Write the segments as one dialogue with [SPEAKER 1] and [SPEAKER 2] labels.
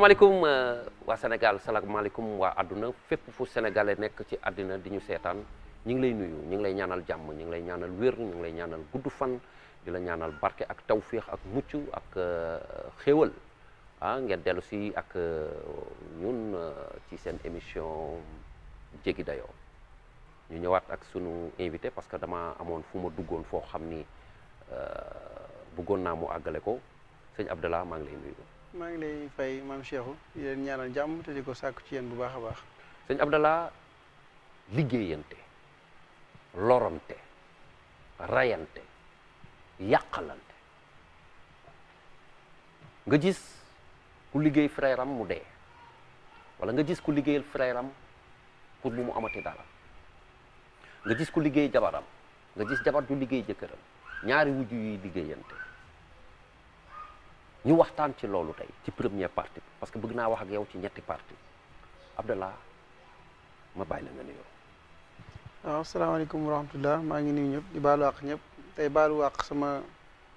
[SPEAKER 1] salaamaaleykum euh, waa Sénégal salaamaaleykum waa àdduna fépp fu sénégalais nekk ci àddina di ñu seetaan ñu ngi lay nuyu ñu ngi lay ñaanal jàmm ñu ngi lay ñaanal wér ñu ngi lay ñaanal gudd fan di la ñaanal barke ak tawféex ak mucc ak euh, xéewal ah ngeen dellu si ak euh, ñun ci seen émission jéggi dayoo ñu ñëwaat ak sunu invité parce que dama amoon fu ma duggoon foo xam ni buggoon naa mu àggale ko sëñ Abdallah maa ngi lay nuyu.
[SPEAKER 2] maa ngi lay fay maam Cheikhou di leen te di ko sàkku ci yéen bu baax a baax. sëñ Abdallah
[SPEAKER 1] liggéeyante lorante rayante yàqalante nga jis ku liggéey frère am mu dee wala nga gis ku liggéeyal frère am pour bu mu amati dara nga jis ku liggéey jabaram nga gis jabar ju liggéey jëkkëram ñaari wujju yuy liggéeyante. ñu waxtaan ci loolu tey ci première partie parce que bëgg naa wax ak yow ci ñetti partie Abdallah ma bàyyi la
[SPEAKER 3] nga nuyoo.
[SPEAKER 2] waaw asalaamaaleykum wa rahmatullah maa ngi nuyu ñëpp di baalu àq ñëpp tey baalu àq sama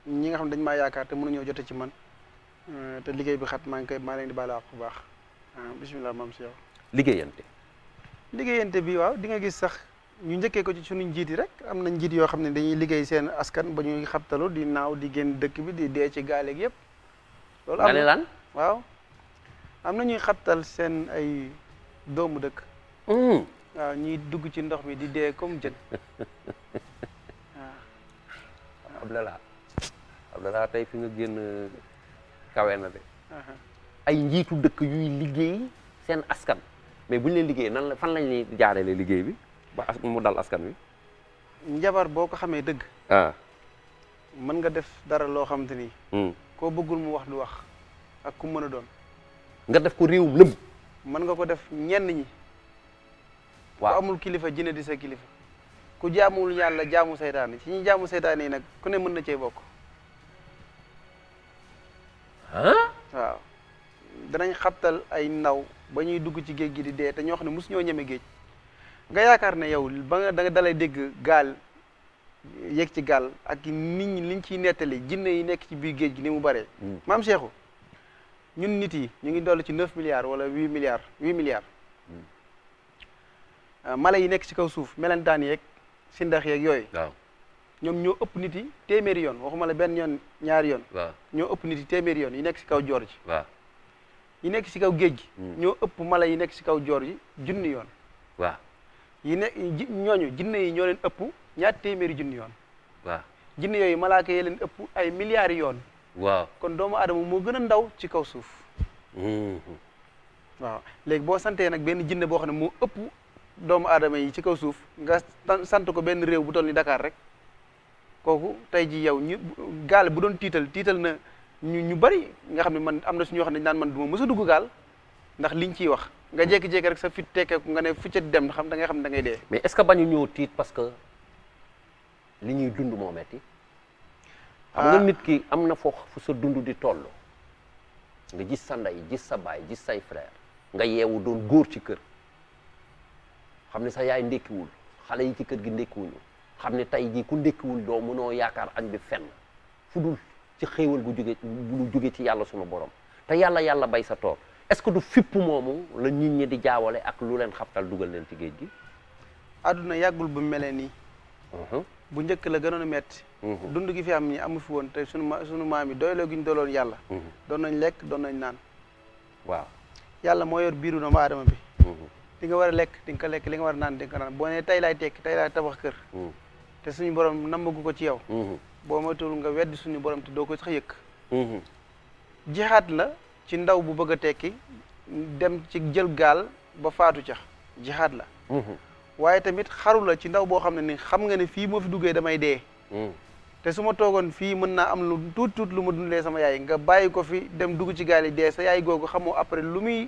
[SPEAKER 2] ñi nga xam ne dañ maa yaakaar te mënuñoo jote ci man euh, te liggéey bi xat maa ngi koy maa leen di baalu àq bu baax euh, bisimilah maam si yow.
[SPEAKER 1] liggéeyante.
[SPEAKER 2] bi waaw di nga gis sax ñu njëkkee ko ci suñu njiit yi rek am na njiit yoo xam ne dañuy liggéey seen askan ba ñuy xabtalu di naaw di génn dëkk bi di dee ci gaaleeg yëpp loolu am na lan waaw am na ñuy xattal seen ay doomu dëkk hmm. waaw ñiy dugg ci ndox mi di dee comme jën
[SPEAKER 3] waaw
[SPEAKER 1] Abdallah Abdallah tey fi nga génn kawe na de
[SPEAKER 2] ay njiitu dëkk yuy liggéey seen
[SPEAKER 1] askan mais bu ñu leen liggéey nan la fan lañuy jaarale liggéey bi ba mu dal askan wi
[SPEAKER 2] njabar boo ko xamee dëgg ah. mën nga def dara loo xamante ni. Hmm. koo bëggul mu wax lu wax ak ku mën a doon.
[SPEAKER 1] nga def ko réewum lëmm.
[SPEAKER 2] mën nga ko def ñenn ñi. waaw amul kilifa jine di sa kilifa. ku jaamuwul yàlla jaamu seytaane ci ñi jaamu yi nag ku ne mën na cee bokk.
[SPEAKER 3] ah. waaw
[SPEAKER 2] danañ xabtal ay ndaw ba ñuy dugg ci géej gi di dee te ñoo xam ne mosu ñoo ñeme géej. nga yaakaar ne yow ba nga da dalay dégg gaal yéeg ci gaal ak nit ñi liñ ciy nettali jinne yi nekk ci biir géej gi ni mu bëree hmm. maam Cheikhou ñun nit yi ñu ngi doll ci neuf milliards wala huit milliards huit milliards hmm. euh, mala yi nekk ci kaw suuf melentaan yeeg si ndax yeeg yooyu ñoom ñoo ëpp nit yi téeméeri yoon waxuma la benn yoon ñaari yoon ñoo ëpp nit yi téeméeri yoon yi nekk ci kaw joor ji waaw yi nekk ci kaw géej gi hmm. ñoo ëpp mala yi nekk ci kaw joor ji junni yoon waaw yi ne ñooñu jinne yi ñoo leen ëpp ñaat téeméeri junni yoon. waaw yooyu malaaka yee leen ëpp ay milliards yoon. waaw kon doomu aadama moo gën a ndaw ci kaw suuf.
[SPEAKER 3] Mm-hmm.
[SPEAKER 2] waaw léegi boo santee nag benn jinne boo xam ne moo ëpp doomu aadama yi ci kaw suuf nga sant ko benn réew bu toll ni dakaar rek kooku tey ji yow ñu gaal bu doon tiital tiital na ñu ñu bari nga xam ne man am na suñoo xam ne naan man du ma mës a dugg gaal ndax liñ ciy wax nga jékki-jékki rek sa fit tekkeeku nga ne fu ca dem xam da xam ne da dee. parce que.
[SPEAKER 1] li ñuy dund moo metti ah. xam nga nit ki am na foo fu sa dund di toll nga gis sa ndey gis sa baay gis say frère nga yeewu doon góor ci kër xam ne sa yaay ndekkiwul xale yi ci kër gi ndekkiwuñu xam ne tey jii ku ndékkiwul doo mënoo yaakaar añ bi fenn fu dul ci xéewal gu jóge lu jóge ci yàlla sunu borom te yàlla yàlla bay sa tool est-ce que du fipp moomu la nit ñi di jaawale ak lu leen xabtal dugal leen ci géej gi
[SPEAKER 2] àdduna yàggul bu mele nii mhm. bu njëkk la gënoon a metti mhm. dund gi fi am ñi amu fi woon te sunu ma sunu maam yi doyloo gi ñu doloon yàlla mhm. doon nañ lekk doon nañ naan waaw yàlla moo yor biiru doomu aadama bi mhm. li nga war a lekk di nga ko lekk li nga war a naan di nga naan boo nee tey laay tekki tey laay tabax kër te suñu borom nambagu ko ci yow boo moytuwul nga weddi suñu borom te doo ko sax yëkk jixaat la ci ndaw bu bëgg a tekki dem ci jël gaal ba faatu ca jixaat la waaye tamit xaru la ci ndaw boo xam ne ni xam nga ne fii moo fi duggee damay dee hmm. te su ma toogoon fii mën naa am lu tuut tuut lu ma dundalee sama yaay nga bàyyi ko fi dem dugg ci gaal dee sa yaay googu xamoo après lu muy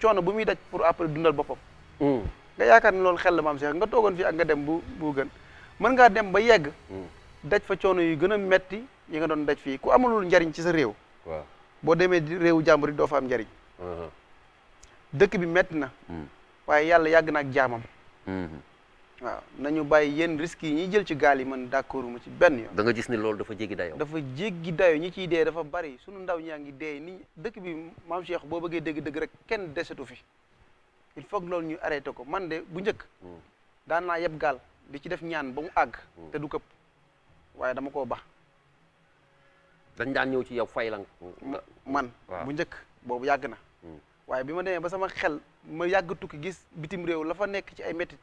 [SPEAKER 2] coono bu muy daj pour après dundal boppam hmm. nga yaakaar ne loolu xel la maam Cheikh nga toogoon fii ak nga dem bu bu gën mën ngaa dem ba yegg hmm. daj fa coono yu gën a metti yi nga doon daj fii ku amulul njariñ ci sa réew waaw boo demee réewu jàmbur yi doo fa am njariñ uh-huh. dëkk bi metti na yàlla yàgg na ak jaamam Mhm. waaw nañu bàyyi yenn risques yi ñuy jël ci gaal yi man d'accord ma ci benn yoon. da nga gis ne loolu dafa jéggi dayoo. dafa jéggi dayoo ñi ciy dee dafa bari sunu ndaw ñaa ngi dee ni dëkk bi maam Cheikh boo bëggee dégg dëgg rek kenn desetu fi il faut que loolu ñu arrêté ko man de bu njëkk. Mhm. daan naa yeb gaal di ci def ñaan ba mu àgg. Mhm. te du këpp waaye dama koo bax dañ daan ñëw ci yow fay la man bu njëkk boobu yàgg na. waaye bi ma demee ba sama xel ma yàgg tukki gis bitim réew la fa nekk ci ay métti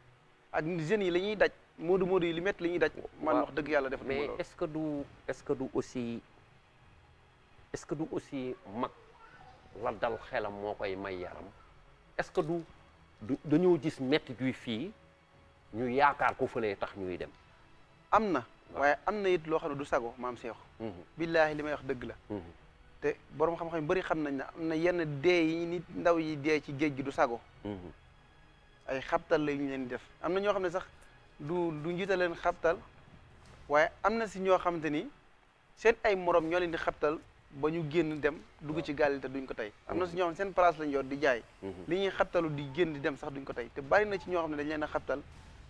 [SPEAKER 2] ak jeunes yi la ñuy daj moodu moodu yi li métti la ñuy daj. man wax dëgg yàlla def na ce que du est-ce que du aussi est-ce que du aussi mag
[SPEAKER 1] la dal xelam moo koy may yaram est-ce que du dañoo gis métti juy fii ñu yaakaar ko fëlee tax ñuy dem.
[SPEAKER 2] am na waaye am na yit loo xam ne du sago maam Cheikh. Mhm. billaahi li may wax dëgg la. Mhm. te boroom xam-xam yu bari xam nañ ne am na yenn dee yi nit ndaw yi dee ci géej gi du sago. Mhm. ay xabtal lañ leen def am na ñoo xam ne sax du du njiital leen xabtal waaye am na si ñoo xamante ni seen ay morom ñoo leen di xabtal ba ñu génn dem dugg ci gaal te duñ tey. am na si ñoo xam ne seen place lañ yor di jaay. Mhm. li ñuy xabtalu di génn di dem sax duñ ko tey te bari na ci ñoo xam ne dañ leen a xabtal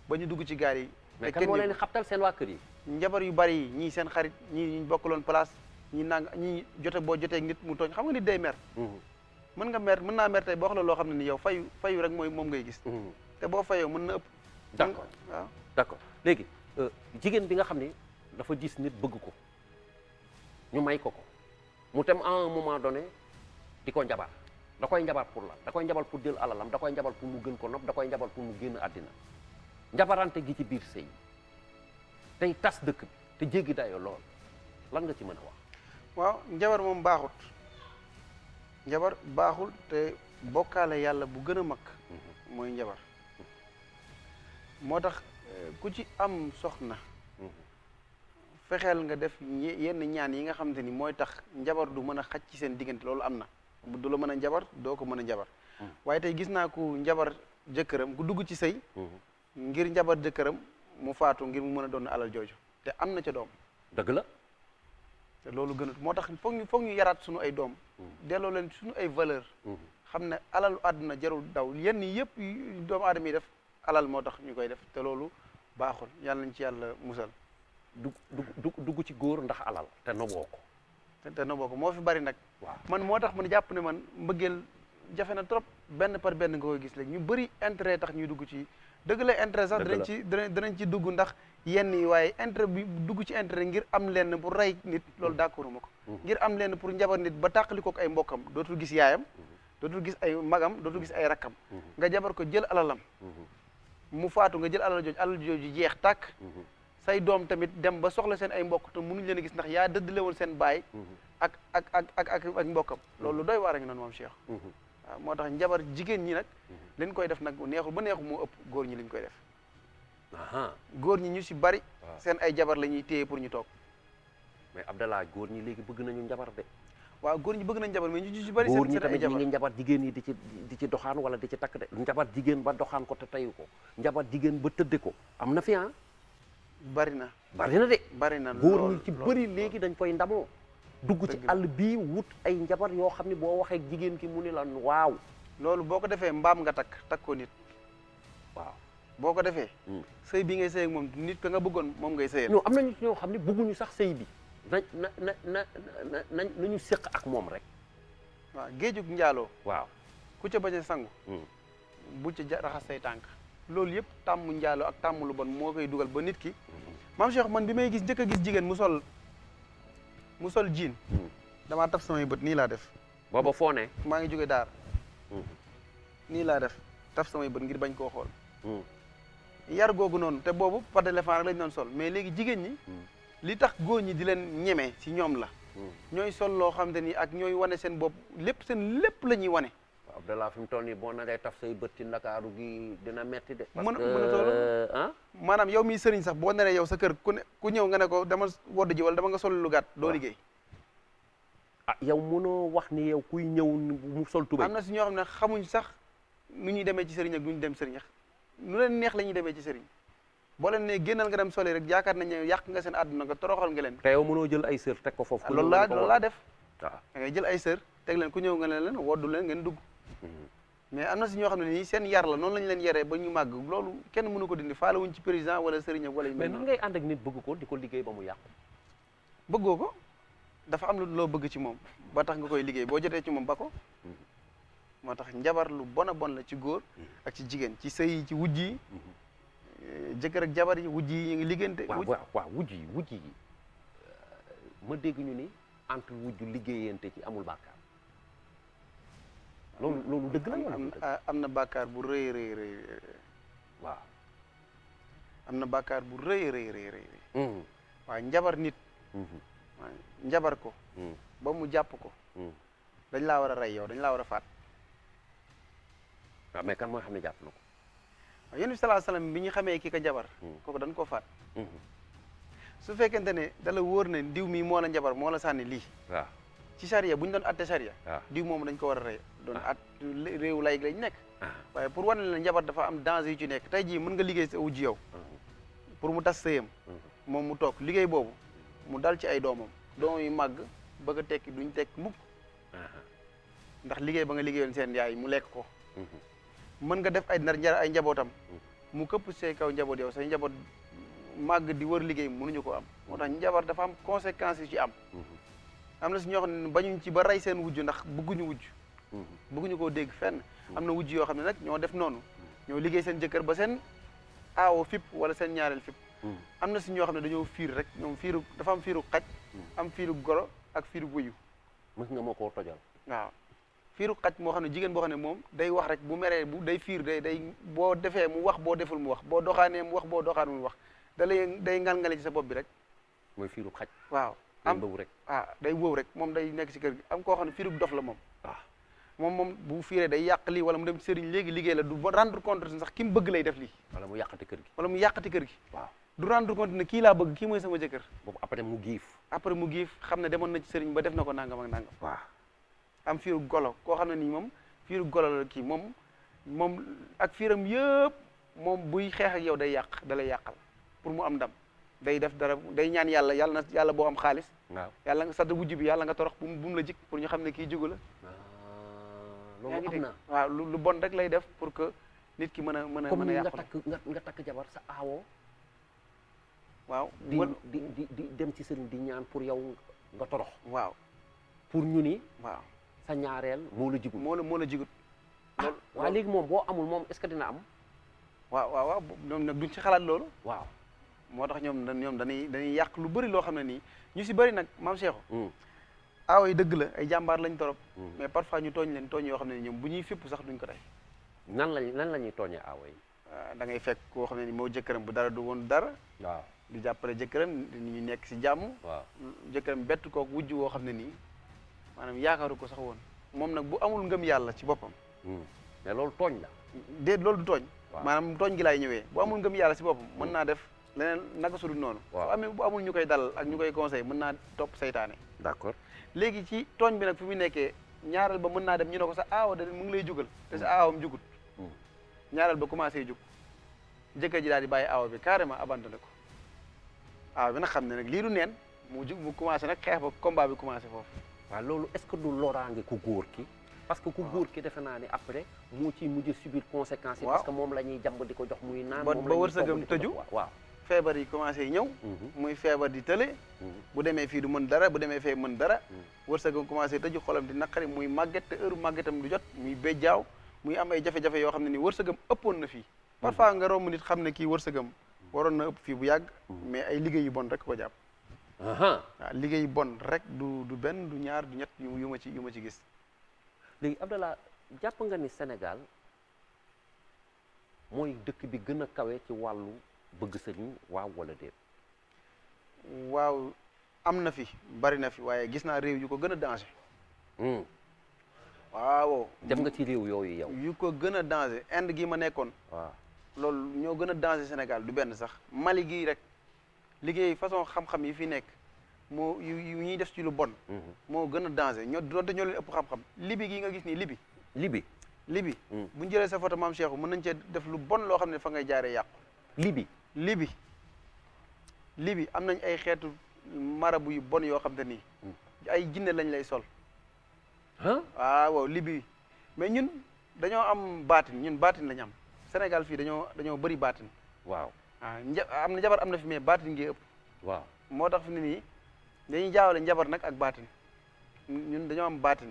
[SPEAKER 2] ba ñu dugg ci gaal yi. mais kan moo seen waa kër yi. njabar yu bari yi ñii seen xarit ñii ñu loon place ñi nang ñi jote boo jotee nit mu tooñ xam nga nit day mer mhm. mën nga mer mën naa mer tey boo wax la loo xam ne ni yow fayu fayu rek mooy moom ngay gis mhm. te boo fayoo mën na ëpp
[SPEAKER 3] d'accord waaw d'accord
[SPEAKER 2] léegi euh, jigéen bi nga xam ni dafa gis nit
[SPEAKER 1] bëgg ko ñu may ko ko mu tem à un moment donné di ko njabar da koy njabar pour lan da koy njabar pour jël alalam da koy njabar pour mu gën ko nopp da koy njabar pour mu génn àddina njabarante gi ci biir sëy tey tas dëkk bi te jéggi dayoo lool
[SPEAKER 2] lan nga ci mën a wax waaw njabar moom baaxut njabar baaxul te bokkaale yàlla bu gën a mag mooy njabar moo tax eh, ku ci am soxna fexeel nga def yenn ñaan yi nga xamante ni mooy tax njabar du mën a xaj ci seen diggante loolu am na du la mën a njabar doo ko mën a njabar waaye tey gis naa ko njabar jëkkëram ku dugg ci sëy ngir njabar jëkkëram mu faatu ngir mu mën a doon alal jooju te am na ca doom dëgg te loolu gënut moo tax foog ñu foog ñu yaraat suñu ay doom mm-hmm. delloo leen suñu ay valeur mm-hmm. xam ne alal àdduna jarul daw yenn yëpp doomu aadama yi def alal moo tax ñu koy def te loolu baaxul yàlla nañ ci yàlla musal du
[SPEAKER 1] du dugg ci
[SPEAKER 2] góor ndax alal te noboo ko te noboo moo fi bari nag waaw man moo tax man jàpp ne man mbëggeel jafe na trop benn par benn nga koy gis léegi ñu bëri intérêt tax ñuy dugg ci dëgg la intérêt sax danañ ci danañ ci dugg ndax yenn yi waaye intérêt bi dugg ci intérêt ngir am lenn pour rey nit loolu d'accord ma ko mhm. ngir am lenn pour njabar nit ba tàqali ko ay mbokkam dootul gis yaayam mhm. dootul gis ay magam dootul gis ay rakkam mhm. nga jabar ko jël alalam mu faatu nga jël alal jooju alal jooju jeex tàkk say doom tamit dem ba soxla seen ay mbokk mu mënuñu leen a gis ndax yaa dëddale woon seen baay ak ak ak ak ak ak mbokkam loolu doy waar a ngi noonu moom Cheikh
[SPEAKER 3] waaw
[SPEAKER 2] moo tax njabar jigéen ñi nag liñ koy def nag neexul ba neexul moo ëpp góor ñi liñ koy def góor ñi ñu ci bari ah. seen ay jabar la ñuy téye pour ñu toog mais
[SPEAKER 1] Abdallah góor ñi léegi
[SPEAKER 2] bëgg nañu njabar de waaw góor ñi bëgg nañ njabar ñu ñu si bari góor ñi tamit ñu ngi
[SPEAKER 1] njabar jigéen yi di ci di ci doxaan wala di ci takk de njabar jigéen ba doxaan ko te teyu ko njabar jigéen ba tëdde ko am na fi ah bari na bari na de bari na góor ñi ci bëri léegi dañ koy ndamoo dugg ci àll bii wut ay njabar yoo xam ne boo waxee jigéen
[SPEAKER 2] ki mu ne la waaw loolu boo ko defee mbaam nga takk takk ko nit boo ko defee hmm. sëy bi ngay sëy moom nit ka nga bëggoon moom ngay sëyal non am
[SPEAKER 1] nañu ñoo xam ne bëgguñu sax sëy
[SPEAKER 2] bi na na na na na nañ ak moom rek waaw géejug njaaloo waaw ku ca bañ a sangu hmm. bu ca raxas say tànk loolu yëpp tàmm njaaloo ak tàmm lu bon moo koy dugal ba nit ki hmm. maam Cheikh man bi may gis njëkk gis jigéen mu sol mu sol jiin damaa taf yi bët nii laa def booba foo ne maa ngi jóge daar nii laa def taf yi bët ngir bañ koo xool yar googu noonu te boobu pas d'éléphant rek lañu doon sol mais léegi jigéen ñi hmm. li tax góor ñi di leen ñeme si ñoom la hmm. ñooy sol loo xam te ni ak ñooy wane seen bopp lépp seen lépp la ñuy wane Abdallah fi mu toll nii boo naree taf say bët ci ndakaaru gi dina metti de mën mën a toll euh, yow miy sëriñ sax boo naree yow sa kër ku ne ku ñëw nga ne ko dama wodd ji wala nga sol lu gàtt doo liggéey
[SPEAKER 1] ah yow mënoo wax ni yow kuy ñëw mu sol tubéy am
[SPEAKER 2] na si ñoo xam ne xamuñ sax nu ñuy demee ci sëriñ ak ñu dem sëriñ nu leen neex la ñuy demee ci sëriñ boo leen ne génnal nga dem soli rek yaakaar nañ ne yàq nga seen àdduna nga toroxal nga leen te yow
[SPEAKER 1] mënoo jël ay sër teg foofu loolu laa loolu laa
[SPEAKER 2] def waaw da ay sër teg leen ku ñëw nga leen leen woddu leen ngeen dugg mhm. mais am na si ñoo xam ne nii seen yar la noonu lañ leen yere ba ñu màgg loolu kenn mënu ko dindi faalawuñ ci président wala sëriñ wala mais nan ngay ànd ak nit bëgg ko di ko liggéey ba mu yàqu bëggoo ko dafa am loolu loo bëgg ci moom ba tax nga koy liggéey boo jotee ci moom ba ko mhm. moo tax njabar lu bona a bon la ci góor ak ci jigéen ci sëy ci wujj yi mhm. jëkkër jabar yi wujj yi ñu ngi liggéeyante waaw waaw wujj yi wujj yi euh,
[SPEAKER 1] ma dégg ñu ni entre wujj liggéeyante ci amul bàkkaar
[SPEAKER 2] loolu dëgg la am am na bàkkaar bu rëy rëy na bàkkaar bu rëy rëy rëy mhm. njabar nit mhm. njabar ko ba mu jàpp ko dañ laa war a rey dañ la war a faat waaw mais kan moo xam ne jàpp na ko. waaw yéen bi salaa bi ñu xamee ki ko jabar. Hmm. kooku dañ koo faat. Hmm. su fekkente ne dala woor ne diw mii moo la jabar moo la sànni lii. waaw ci charia bu ñu doon atte charia. waaw diw moom dañ ko war a rey. doon at ah. réew lay lañ nekk. Ah. waaye pour wane la jabar dafa am danger yu ci nekk tey jii mën nga liggéey sa wujj yow. Hmm. pour mu tas sëyam. moom mu toog liggéey boobu mu dal ci ay doomam. doomam yu màgg bëgg a tekki duñ tekki mukk. Ah. ndax liggéey ba nga liggéeyoon seen yaay mu lekk ko. mën nga def ay nar ay njabootam mu këpp say kaw njaboot yow say njaboot màgg di war liggéey mënuñu ko am moo tax njaboot dafa am conséquences yu ci am am na si ñoo xam ne bañuñ ci ba rey seen wujj ndax bëgguñu wujj bëgguñu koo dégg fenn am na wujj yoo xam ne nag ñoo def noonu ñoo liggéey seen jëkkër ba seen aawo fipp wala seen ñaareel fipp am na si ñoo xam ne dañoo fiir rek ñoom fiiru dafa am fiiru xaj am fiiru golo ak fiiru wuyu
[SPEAKER 1] mës nga moo ko tojal
[SPEAKER 2] waaw fiiru xaj moo xam ne jigéen boo xam ne moom day wax rek bu meree bu day fiir day day boo defee mu wax boo deful mu wax boo doxaanee mu wax boo doxaanul mu wax da day ngal-ngale sa bopp bi rek mooy fiiru xaj waaw am bëw rek ah day wow rek moom day nekk si kër gi am koo xam ne fiiru dof la moom waaw ah. moom moom bu fiiree day yàq lii wala mu dem sëriñ léegi liggéey la du rendre compte sax ki bëgg lay def lii
[SPEAKER 3] wala
[SPEAKER 1] mu
[SPEAKER 2] yàqati kër gi wala mu yàqati kër gi waaw du rendre compte kii laa bëgg mooy sama jëkkër boobu après mu après mu giif xam ne demoon na ci ba def na ko nangam ak nangam am fiiru golo koo xam ne nii moom fiiru golo la kii moom moom ak fiiram yëpp moom buy xeex ak yow day yàq dalay lay yàqal pour mu am dam day def dara day ñaan yàlla yàlla na yàlla boo am xaalis waaw yàlla nga sadd wujj bi yàlla nga torox bu mu la jik pour ñu xam ne kii jugu la
[SPEAKER 3] ah, yaa ngi
[SPEAKER 2] dégg lu bon rek lay def pour que nit ki mën a mën a mën a
[SPEAKER 3] nga
[SPEAKER 1] nga takk jabar sa aawoo
[SPEAKER 2] waaw di di di
[SPEAKER 1] dem ci sëriñ di ñaan pour yow nga torox waaw pour ñu ni waaw sa ñaareel moo la
[SPEAKER 2] moo la moo la jigut ah, loolu waaw léegi moom boo amul moom est-ce que dina am waaw waaw waaw ñoom nag duñ ci xalaat loolu waaw moo tax ñoom ñoom dañuy dañuy yàq lu bari loo xam ne nii ñu si bari nag maam Cheikhou hmm. aawo ah, yi dëgg la ay jàmbaar lañ torop hmm. mais parfois ñu tooñ leen tooñ yoo xam ne ni ñoom bu ñuy fépp sax duñ ko tey nan lañ nan la ñuy tooñee ah, aawo yi da ngay fekk koo xam ne ni moo jëkkëram bu dara du woon dara waaw du jàppale jëkkëram ñu nekk si jàmm waaw jëkkëram bett kooku wujj woo xam ne nii maanaam yaakaaru ko sax woon moom nag bu amul ngëm yàlla ci boppam hmm. mais loolu tooñ la déet loolu du tooñ maanaam tooñ gi laay ñëwee bu amul ngëm yàlla si boppam mën hmm. naa def leneen naka sudul noonu bu amee bu amul ñu koy dalal ak ñu koy conseil mën naa topp saytaane d'accord léegi ci tooñ bi nag fi mu nekkee ñaareel ba mën naa dem ñu ne ko sa aawa da mu ngi lay jugal hmm. te sa aawam jugut ñaareel ba commencé jug jëkkër ji daal di bàyyi aawa bi carrément abandonné ko aawa bi na xam ne nag lii du neen mu jug mu commencé nag xeex ba combat bi commencé foofu
[SPEAKER 1] waaw loolu est-ce que du loraange ku góor ki parce que ku góor ki defe naa ne après moo ciy mujj subir conséquences yi parce que moom la ñuy jàmb di ko jox muy naan ba wërsëgam tëju
[SPEAKER 2] waaw feebar commencé ñëw mhm. muy feebar di tële mhm. bu demee fii du mën dara bu demee fee mën dara mhm. wërsëgam commencé tëju xolam di naqari muy màgget te heure màggetam du jot muy béjjaaw muy am ay jafe-jafe yoo xam ne nii ni wërsëgam ëppoon na fii parfois nga romb nit xam ne kii wërsëgam waroon na ëpp fii bu yàgg mais ay liggéey yu bon rek ko jàpp liggéey bon rek du du benn du ñaar du ñett yu ma ci yu ma ci gis léegi Abdallah jàpp nga ni Sénégal mooy dëkk bi gën a kawe
[SPEAKER 1] ci wàllu bëgg sëriñ waaw walla déet
[SPEAKER 2] waaw am na fi bari na fi waaye gis naa réew yu ko gën a danger hmm. waaw dem nga
[SPEAKER 1] ci réew yooyu yow
[SPEAKER 2] yu ko gën a danger Inde gi ma nekkoon waaw loolu ñoo gën a danger Sénégal du benn sax Mali gii rek liggéey façon xam-xam yi fi nekk moo yu def ci lu bon. Mhm. moo gën a danger ñoo doonte ñoo ëpp xam-xam libi gi nga gis ni libi. libi libi. Mhm. bu ñu jëlee sa photo maam Cheikhou mën nañ cee def lu bon loo xam ne fa ngay jaare yàqu. libi libi libi am nañ ay xeetu marabu yu bon yoo xam te nii. Mhm. ay jinne lañ lay sol. ah waaw libi mais ñun dañoo am baatin ñun baatin lañ am Sénégal fii dañoo dañoo bëri baatin waaw. Ah, am na jabar am na fi mais baatin ngi ëpp waaw moo tax fi ne nii dañuy jaawale njabar nag ak baatin ñun dañoo am baatin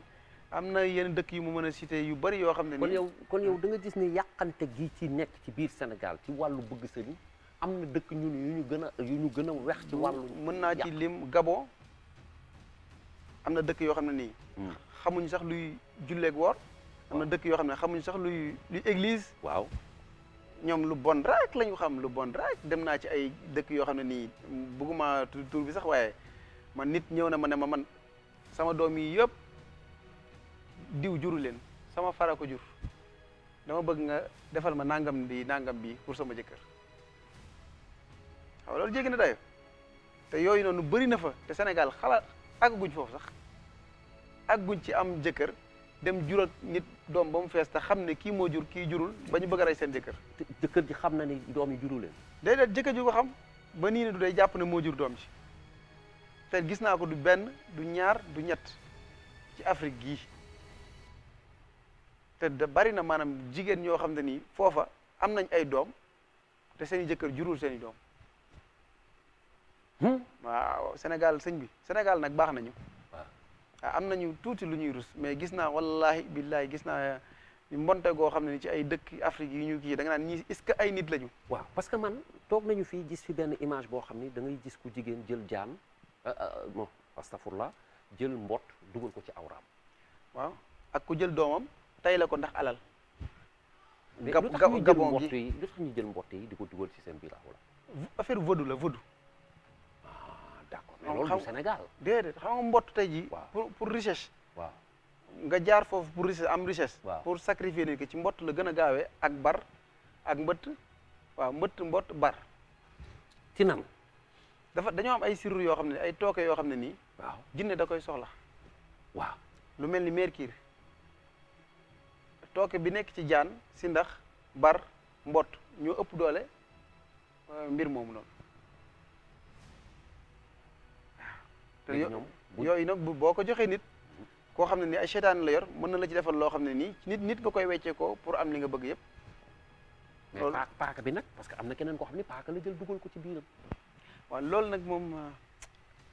[SPEAKER 2] am na yenn dëkk yu mu mën a cité yu bari yoo xam ne. kon yow
[SPEAKER 1] kon yow da nga gis ne yàqante gi ci nekk ci biir senegal ci wàllu
[SPEAKER 2] bëgg sëriñ am na dëkk ñun yu ñu gën a ñu gën a wex ci wàllu. mën naa ci lim Gabon am na dëkk yoo xam ne nii. Hmm. xamuñ sax luy julleeg woor. am na dëkk yoo xam ne xamuñ sax luy luy église. waaw ñoom lu bon rek la xam lu bon rek dem naa ci ay dëkk yoo xam ne nii bëgguma tur bi sax waaye man nit ñëw na ma ne ma man sama doom yi yëpp diw juru leen sama fara ko jur dama bëgg nga defal ma nangam di nangam bi pour sama jëkkër waaw loolu jéggi na dayo te yooyu noonu bëri na fa te senegal xalaat ak guñ foofu sax ak guñ ci am jëkkër dem jural nit doom ba mu fees te xam ne kii moo jur kii jurul ba ñu bëgg a rey seen jëkkër jëkkër ji xam na ni doom yi juru jëkkër ji ko ba nii ne day jàpp ne moo jur doom ji te gis naa ko du benn du ñaar du ñett ci Afrique gii te da bari na maanaam jigéen ñoo xam ne nii foofa am nañ ay doom te seen jëkkër jurul seen i doom hmm? waaw Sénégal sëñ bi Sénégal nag baax nañu am nañu tuuti lu ñuy rus mais gis naa wallahi billahi gis naa mbonte goo xam ne ni ci ay dëkk Afrique yu ñu kii da naan ñii est-ce que ay nit lañu. waaw parce que man toog nañu fii gis fi benn image boo xam ni dangay gis ku jigéen jël jaan bon euh,
[SPEAKER 1] euh, astafurlah jël mbot dugal ko ci awraam.
[SPEAKER 2] waaw ak ku jël doomam tey la ko ndax alal. gabon gi lu
[SPEAKER 1] tax ñu jël mbot yi di ko
[SPEAKER 2] dugal ci seen biir affaire vodu la vodu. mais loolu du Sénégal déedéet xam mbott tey jii pour pour richesse waaw nga jaar foofu pour richesse am richesse pour sacrifier nit ki ci mbott la gën a gaawee ak bar ak mbëtt waaw mbëtt mbott bar ci nan dafa dañoo am ay sirru yoo xam ne ay tooke yoo xam ne nii waaw jinne da koy soxla waaw lu mel ni mercure tooke bi nekk ci jaan si ndax bar mbott ñoo ëpp doole euh, mbir moomu noonu te yooyu nag boo ko joxee nit koo xam ne ni ay seytaan la yor mën na la ci defal loo xam ne nii nit nit nga koy weccee ko pour am li nga bëgg yëpp
[SPEAKER 1] paaka bi nag parce que am
[SPEAKER 2] na keneen koo xam ne paaka la jël dugal ko ci biiram waaw loolu nag moom ah,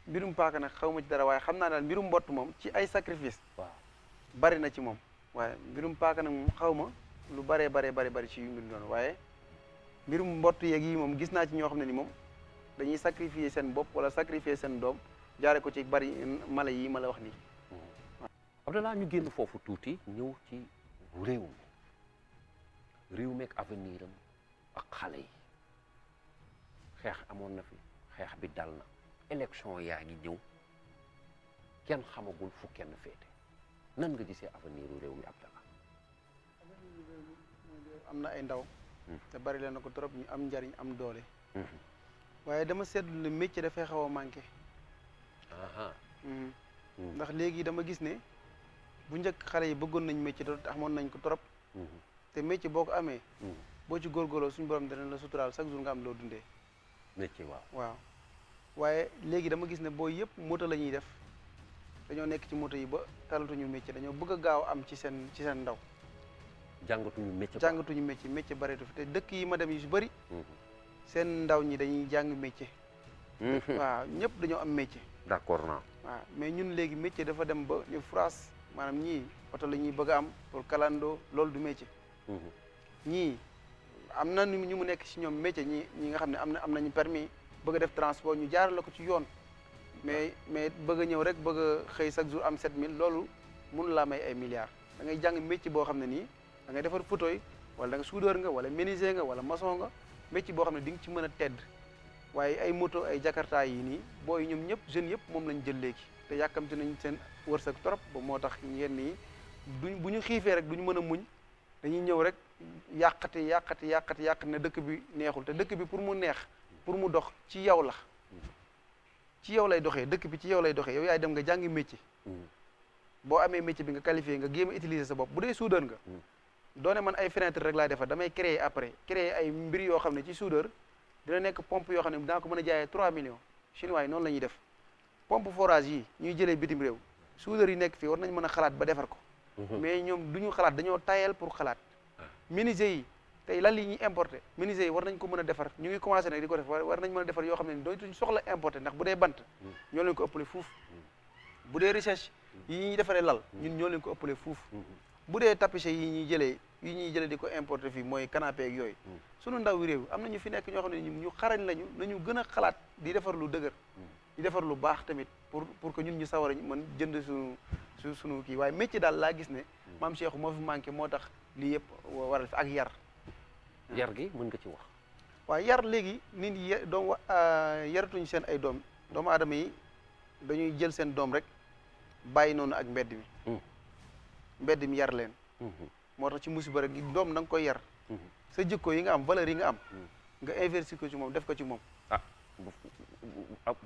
[SPEAKER 2] mbirum paaka nag xaw ma ci dara waaye xam naa daal mbirum mbott moom ci ay sacrifice waaw bari na ci moom waaye mbirum paaka nag moom xaw ma lu baree baree bari bari ci yu mbir doon waaye mbirum mbott yeeg yi moom gis naa ci ñoo xam ne ni moom dañuy sacrifier seen bopp wala sacrifier seen doom jaare ko ci bari mala yi ma la wax nii mm-hmm.
[SPEAKER 1] Abdallah ñu génn foofu tuuti ñëw ci réew mi réew meek avenir am ak yi xeex amoon na fi xeex bi dal na élection yaa ngi ñëw kenn xamagul fu kenn féete nan nga gisee avenir u réew mi Abdallah
[SPEAKER 2] am na ay ndaw mm-hmm. te bari leen na ko trop ñu am njariñ am doole mm-hmm. waaye dama seetlu ne métier dafay xaw a manqué
[SPEAKER 3] Mm-hmm. Mm.
[SPEAKER 2] ndax léegi dama gis ne bu njëkk xale yi bëggoon nañ métier doot amoon nañ ko trop mm-hmm. te métier boo ko amee mm-hmm. boo ci góorgóorloo suñu borom dana la suturaal chaque jour nga am loo dundee métier waaw waaw waaye léegi dama gis ne booy yëpp moto la ñuy def dañoo nekk ci moto yi ba ñu métier dañoo bëgg gaaw am ci seen seen ndaw
[SPEAKER 1] jàngatuñu métier
[SPEAKER 2] jàngatuñu métier métier bareetu fi te dëkk yi ma dem yu bëri seen ndaw ñi dañuy jàng métier
[SPEAKER 1] Mm-hmm. waaw
[SPEAKER 2] ñëpp dañoo am métier. d' accord naa. waaw mais ñun léegi métier dafa dem ba ñu France maanaam ñii oto la ñuy bëgg a am pour kalandoo loolu du métier. Mm-hmm. ñii am na ñu mu nekk ci ñoom métier ñi ñi nga xam ne am na am nañu permis bëgg a def transport ñu jaar la ko ci yoon. mais mais bëgg a ñëw rek bëgg a xëy chaque jour am 7000 loolu mënu laa may ay milliards da ngay jàng métier boo xam ne nii da ngay defar photo yi wala da nga soudeur nga wala menuisier nga wala maçon nga métier boo xam ne di nga ci mën a tedd. waaye ay moto ay jakarta yi nii booy ñoom ñëpp jeunes yëpp moom lañu jël léegi te yàkkamti nañ seen wërsëg trop ba moo tax yenn yi duñ bu ñu xiifee rek ñu mën a muñ dañuy ñëw rek yàqati yàqati yàqati yàqati ne dëkk bi neexul te dëkk bi pour mu neex pour mu dox ci yow la ci yow lay doxee dëkk bi ci yow lay doxee yow yaay dem nga jàngi métier boo amee métier bi nga qualifié nga géem a utiliser sa bopp bu dee soudeur nga doone man ay fenêtre rek laay defar damay créer après créer ay mbir yoo xam ne ci soudeur dina nekk pompe yoo xam ne dinaa ko mën a jaayee 3 millions chinois yi noonu la ñuy def pompe forage yi ñuy jëlee bitim réew soudeur yi nekk fii war nañ mën a xalaat ba defar ko mhm. mais ñoom du ñu xalaat dañoo tayal pour xalaat ah. menuisier yi tey lal yi ñu importé menuisier yi war nañ ko mën a defar ñu ngi commencé nag ko def war nañ mën a defar yoo xam ne dootuñ soxla importé ndax bu dee bant mhm. ñoo leen ko ëppale fuuf
[SPEAKER 3] mhm.
[SPEAKER 2] bu dee recherche yi ñu defaree lal ñu ñoo leen ko ëppale fuuf bu dee tapissier yi ñuy jëlee yu ñuy jëlee di ko importer fii mooy canapé yooyu hmm. sunu ndaw réew am na ñu fi nekk ñoo xam ne ñu xarañ lañu nañu gën a xalaat di defar lu dëgër hmm. di defar lu baax tamit pour pour que ñun ñu sawar a mën jënd suñu su suñu kii waaye métier daal laa gis ne hmm. maam Cheikh moo fi manqué moo tax lii yëpp waral fi ak yar
[SPEAKER 1] yar gi mën nga ci wax
[SPEAKER 2] waaye yar léegi nit yi doom euh, yaratuñu seen ay doom doomu aadama yi dañuy jël seen doom rek bàyyi noonu ak mbedd mi mbedd mi yar leen moo tax ci musiba rek doom na koy yar mhm. sa jëkko yi nga am valeur yi nga am mhm. nga investir ko ci moom def ko ci moom ah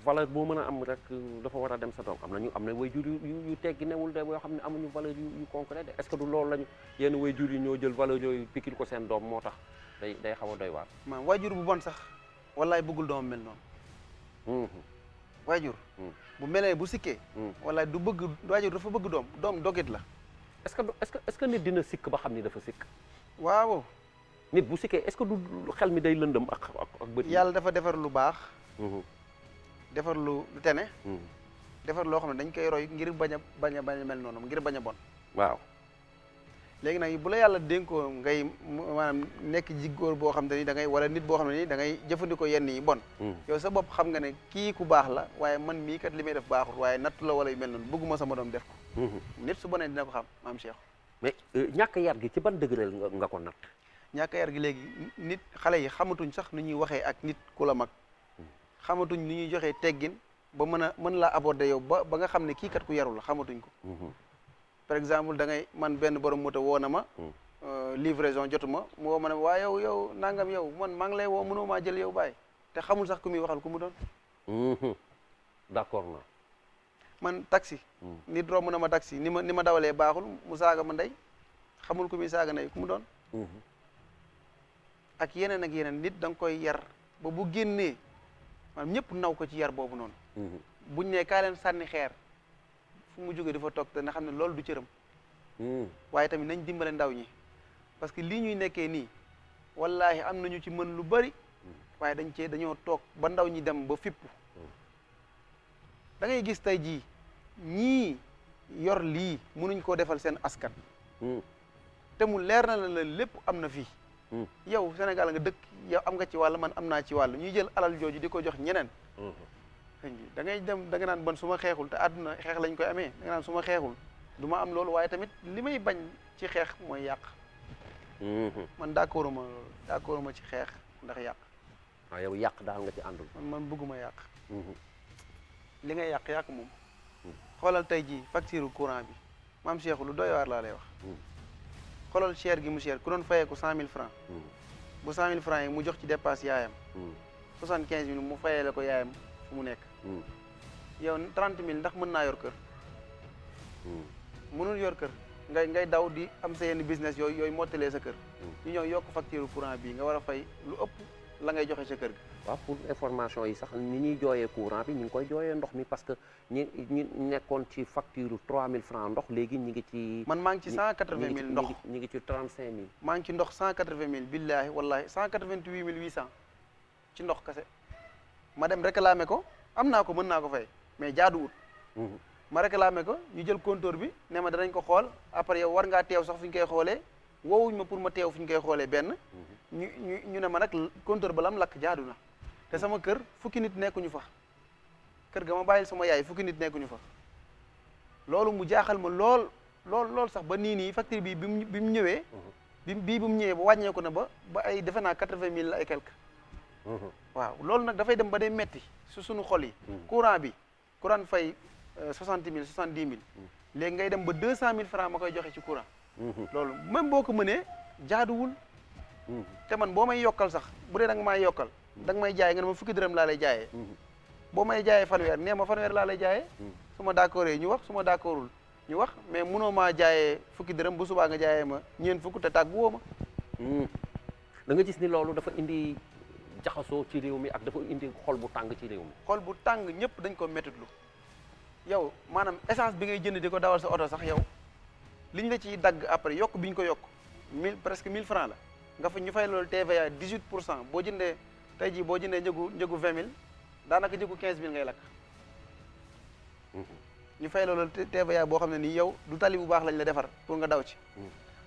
[SPEAKER 2] valeur boo mën a am rek euh, dafa
[SPEAKER 1] war a dem sa doom am ñu am na way jur yu yu newul de yoo xam ne amuñu valeur yu concret est-ce loolu lañu yenn way jur yi ñoo jël valeur yooyu pikil ko seen doom moo tax day day xaw a doy waar
[SPEAKER 2] maam waajur bu bon sax wallaay bëggul doomam mel noonu mhm. waajur bu melee bu sikkee wallaay du bëgg waajur dafa bëgg doom doom dogit la est-ce que est-ce que nit dina sikk ba xam ni dafa sikk. waaw. nit bu sikkee est-ce que du xel mi day lëndëm ak ak bët yàlla dafa defar lu baax. Mhm. defar lu lu tene. Mhm. defar loo xam ne dañ koy roy ngir bañ a bañ a bañ a mel noonu ngir bañ a bon. waaw. léegi nag bu la yàlla dénkoo ngay maanaam nekk jigóor boo xam te ni da ngay wala nit boo xam ne ni da ngay jëfandikoo yenn yi bon. Mhm. yow sa bopp xam nga ne kii ku baax la waaye man mii kat li may def baaxul waaye natt la wala yu mel noonu bëgguma sama doom def ko. Mmh. nit su bonee dina ko xam maam Cheikh.
[SPEAKER 3] mais
[SPEAKER 1] euh, ñàkk yar gi ci ban dëgëral nga ko nag
[SPEAKER 2] ñàkk yar gi léegi nit xale yi xamatuñ sax nu ñuy waxee ak nit ku la mag. xamatuñ nu ñuy joxe teggin ba mën a mën laa aborder yow ba ba nga xam ne kii kat ku yarul la xamatuñ ko. Mmh. par exemple da ngay man benn borom moto woo na ma. Mmh. Euh, livraison jotuma mu woo ne waa yow yow nangam yow man maa ngi lay woo mënoo maa jël yow baay te xamul sax ku muy waxal ku mu
[SPEAKER 1] doon. d'accord na.
[SPEAKER 2] man taxi. Hmm. nit romb na ma taxi ni ma ni ma dawalee baaxul mu saaga ma ndey xamul ku muy saaga ndey ku mu doon. Hmm. ak yeneen ak yeneen nit da koy yar ba bu génnee maanaam ñëpp naw ko ci yar boobu noonu. Hmm. buñ ne kaa leen sànni xeer fu mu jógee dafa toog te na xam ne loolu du cëram. waaye tamit nañ dimbale ndaw ñi parce que lii ñuy nekkee nii wallaahi am nañu ci mën lu bari waaye dañ cee dañoo toog ba ndaw ñi dem ba fippu. da ngay gis tey jii ñii yor lii mënuñ koo defal seen askan. Hmm. te mu leer na la lépp am na fii. Hmm. yow Sénégal nga dëkk yow am nga ci wàll man am naa ci wàll ñuy jël alal jooju di ko jox ñeneen.
[SPEAKER 3] Hmm.
[SPEAKER 2] da ngay dem da naan ban su ma xeexul te àdduna xeex lañ koy amee da naan su ma xeexul du ma am loolu waaye tamit li may bañ ci xeex mooy yàq. man d'accord ma d'accord ma ci xeex ndax yàq.
[SPEAKER 1] waaw ah, yow yàq daal nga ci àndul.
[SPEAKER 2] man man bëgguma yàq. li ngay yàq yàqu moom xoolal tey jii facture courant bi mam Cheikh lu doy waar laa lay wax xoolal cher gi mu cher ku fayee ko cent mille francs bu cent mille francs yi mu jox ci dépasse yaayam quinze mille mu fayee la ko yaayam fu mu nekk yow trente mille ndax mën naa yor kër mënul yor kër ngay ngay daw di am sa yenn business yooyu yooyu mottalee sa kër ñu ñëw yokk facture courant bii nga war a fay lu ëpp la ngay joxe sa kër gi.
[SPEAKER 1] waaw pour information yi sax ni ñuy jooyee courant bi ñu ngi koy jooye ndox mi parce que ñi ñi nekkoon ci facture mille francs ndox léegi ñu ngi ci. man maa ngi ci 180000 ndox
[SPEAKER 2] ñu ngi ci 35000. maa ngi ci ndox 180000 billahi wallahi 188800 ci ndox kase ma dem réclamer ko am naa ko mën naa ko fay mais jaaduwut. Mhm. ma réclamer ko ñu jël compteur bi ne ma danañ ko xool après yow war ngaa teew sax fi ñu koy xoolee. woowuñ ma pour ma teew fu ñu koy xoolee benn mhm. ñu ñu ñu ne ma nag compteur ba lam lakk jaadu na te sama kër fukki nit nekkuñu fa kër ga ma bàyyil sama yaay fukki nit nekkuñu fa loolu mu jaaxal ma lool lool lool sax ba nii nii facture bi bi mu bi mu ñëwee mhm. bi bii bi mu ñëwee ba wàññeeku na ba ba ay defe naa quatre-vingt mille la ay quelque mhm. waaw loolu nag dafay dem ba dee metti su sunu xol yi courant bi courant fay euh, soixante mille soixante-dix mille léegi ngay dem ba deux cent mille francs ma koy joxe ci courant Mm-hmm. loolu même boo ko mënee jaaduwul. Mm-hmm. te man boo may yokkal sax bu dee da nga yokkal. da nga may jaay nga ne ma fukki dërëm laa lay jaaye mm-hmm. boo may jaayee fanweer nee ma fanweer laa lay jaayee. su ma d'accord ñu wax su ma d'accordul ñu wax mais munoo maa jaayee fukki dërëm bu subaa nga jaayee ma ñeent fukk te tàggu woo ma. da nga gis ni loolu dafa indi jaxasoo ci réew mi ak dafa indi xol bu tàng ci réew mi. xol bu tàng ñëpp dañ ko méttitlu yow maanaam essence bi ngay jënd di ko dawal sa oto sax yow. liñ la ciy dagg après yokk bi ñu ko yokk mille presque mille francs la nga fa ñu fay loolu TVA 18 pour cent boo jëndee tey jii boo jëndee njëgu njëgu 20000 daanaka njëgu 15000 ngay lakk. Mhm. ñu fay loolu TVA boo xam ne nii yow du tali bu baax lañ la defar pour nga daw ci. Mhm.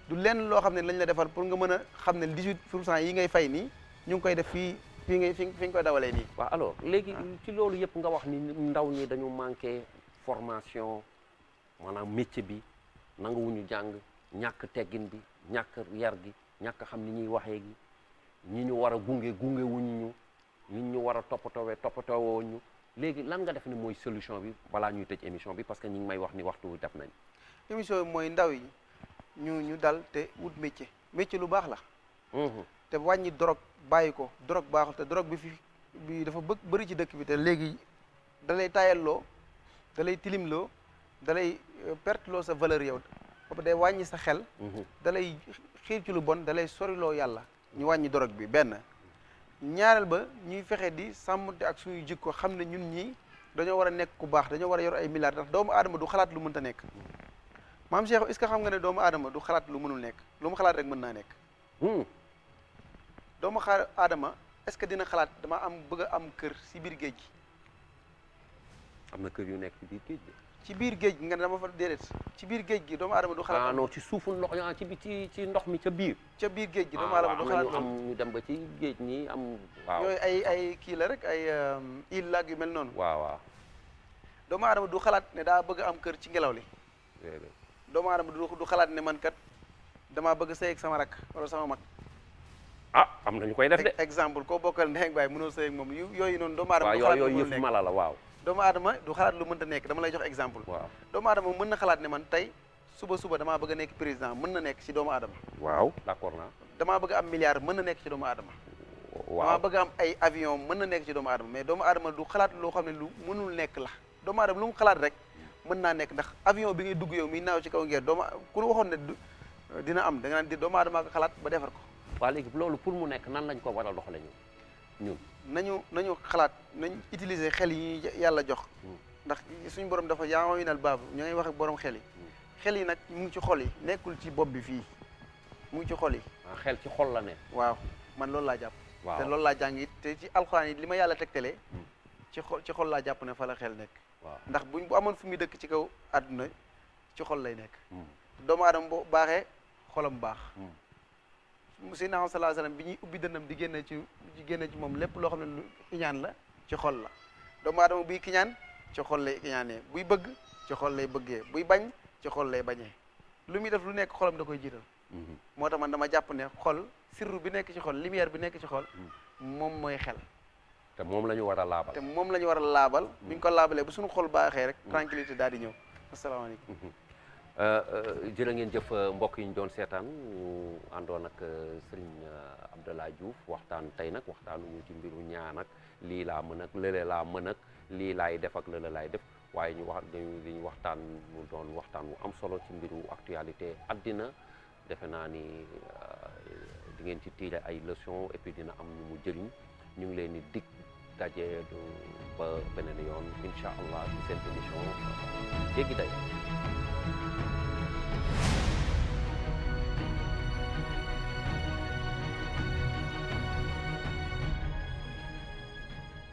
[SPEAKER 2] du lenn loo xam ne lañ la defar pour nga mën a xam ne 18 pour cent yi ngay fay nii ñu ngi koy def fii fii ngay fi fi nga koy dawalee nii. waa alors léegi ah. ci loolu yëpp nga wax ni ndaw ñi dañu manqué
[SPEAKER 1] formation maanaam métier bi. nanguwuñu jàng ñàkk teggin bi ñàkk yar gi ñàkk xam ni ñuy waxee gi ñi ñu war a gunge gunge wuñu ñu ñi ñu war a toppatoowee toppatoowoo ñu léegi lan nga def ne mooy solution bi balaa ñuy tëj émission bi que ñi ngi may wax ni waxtu def nañ
[SPEAKER 2] émission mooy ndaw yi ñu ñu dal te wut métier métier lu baax la mhm. te wàññi drogue bàyyi ko drogue baaxul te drogue bi fi bi dafa bëgg bëri ci dëkk bi te léegi da lay tayalloo da lay loo dalay euh, perte sa valeur yow boobu day wàññi sa xel mhm. dalay xiir ci lu bon dalay soriloo yàlla ñu wàññi dorog bi benn ñaareel ba ñuy fexe di sàmm sàmmante ak suñuy jikko xam ne ñun ñii dañoo war a nekk ku baax dañoo war a yor ay milliards ndax doomu aadama du xalaat lu mënta nekk mhm. maam Cheikh est-ce que xam ne doomu aadama du xalaat lu mënul nekk lu mu xalaat rek mën naa nekk hmm. doomu xaar aadama est-ce que dina xalaat dama am bëgg am kër si biir géej gi am na kër yu nekk si biir géej gi ci biir géej gi nga ne dama fa déedéet ci biir géej gi doomu aadama du xalaat ah non
[SPEAKER 1] ci suufu ndox ah, ci
[SPEAKER 2] bi ci ci ndox mi ca biir ca biir géej gi ah, doomu am dem ba ci géej ñi am waaw ay ay kii la rek ay um, île yu mel noonu waaw du xalaat ne daa bëgg am kër ci ngelaw li doomu aadama du xalaat ne man kat damaa bëgg sëy ak sama rak wala sama mag
[SPEAKER 1] ah am nañu koy def de
[SPEAKER 2] exemple koo bokkal ndey ak baay mënoo sëy ak moom yooyu noonu doomu aadama du xalaat yooyu yëf mala la waaw doomu aadama du xalaat lu mën mënta nekk dama lay jox exemple waaw doomu aadama mën na xalaat ne man tey suba suba damaa bëgg nekk président mën na nekk ci doomu aadama
[SPEAKER 1] waaw d'accord naa
[SPEAKER 2] damaa bëgg am milliard mën na nekk si doomu aadama waaw am ay avion mën na nekk ci doomu mais doomu aadama du xalaat loo xam ne lu mënul nekk la doomu aadama lu xalaat rek mën naa nekk ndax avion bi ngay dugg yow mi naaw ci kaw ngeer doomu ku dina am da nga naan di doomu ko xalaat ba defar ko waaw léegi loolu pour mu nekk nan lañ ko war a doxale ñu ñun nañu nañu xalaat nañ utiliser xel yi yàlla jox mm. ndax suñu borom dafa yaawoyu nal baab ñoo ngi waxee boroom xel yi mm. xel yi nag mu ngi ci xol yi nekkul ci bopp bi fii mu ci xol yi
[SPEAKER 1] ah, xel ci xol la ne
[SPEAKER 2] waaw man loolu laa jàpp te loolu laa jàng te ci alxuraan yi li ma yàlla tegtalee mm. ci xol ci xol laa jàpp ne fa la xel nekk ndax buñ bu amoon fu muy dëkk ci kaw àdduna ci xol lay nekk doomu aadama boo baaxee xolam baax Seydina Muhammad sallallahu alayhi wasallam bi ñuy ubbi dënnam di génne ci di génne moom lépp loo xam ne kiñaan la ci xol la doomu aadama buy kiñaan ci xol lay kiñaanee buy bëgg ci xol lay bëggee buy bañ ci xol lay bañee lu muy def lu nekk xolam da koy jiital mm-hmm. moo tax man dama jàpp ne xol sirru bi nekk ci xol lumière bi nekk ci xol mm. moom mooy xel te moom la ñu war a laabal te moom la ñu war laabal mm-hmm. bu ko laabalee bu suñu xol baaxee rek mm. tranquillité daal di ñëw asalaamaaleykum
[SPEAKER 1] mm-hmm. Euh, euh, jërë ngeen jëf euh, mbokk yi ñu doon seetaan ñu àndoon ak Serigne Abdallah Diouf waxtaan tey nag waxtaan waxtaanuñu ci mbiru ñaan ak lii laa mën ak lële laa mën ak lii laay def ak lële laay def waaye ñu wax li waxtaan mu doon waxtaan wu am solo ci mbiru actualité addina defe naa ni di ngeen ci tiire ay leçons et puis dina am ñu mu jëriñ ñu ngi leen di dig daje ba beneen yoon incha allah ci seen émission jéggi day